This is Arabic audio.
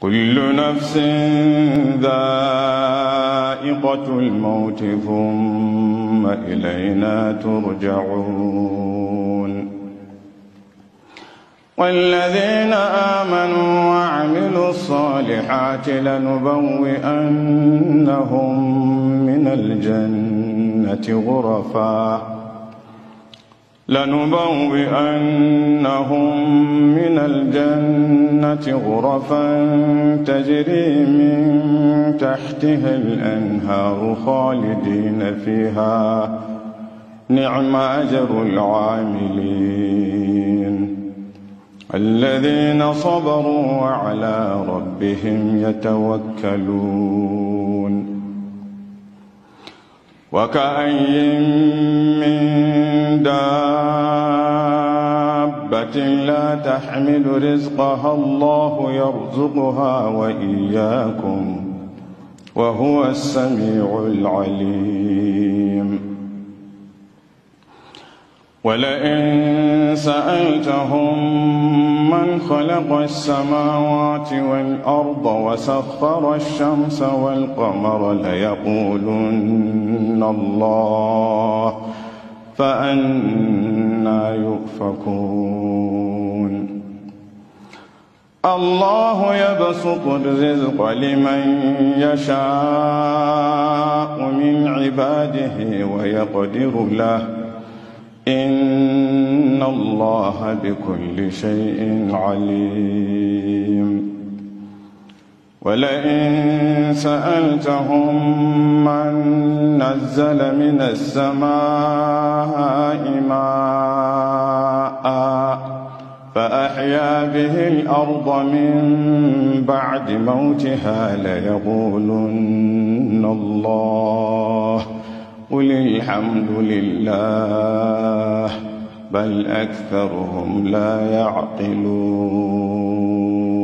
كل نفس ذائقة الموت ثم إلينا ترجعون والذين آمنوا وعملوا الصالحات لنبوئنهم من الجنة غرفاً لنبوئنهم من الجنة غرفا تجري من تحتها الأنهار خالدين فيها نعم أجر العاملين الذين صبروا وعلى ربهم يتوكلون وكأي من دابة لا تحمل رزقها الله يرزقها وإياكم وهو السميع العليم ولئن سألتهم من خلق السماوات والأرض وسخر الشمس والقمر ليقولن الله فأنا يؤفكون الله يبسط الرزق لمن يشاء من عباده ويقدر له إن الله بكل شيء عليم ولئن سألتهم من نزل من السماء ماء فأحيا به الأرض من بعد موتها ليقولن الله قل الحمد لله بل أكثرهم لا يعقلون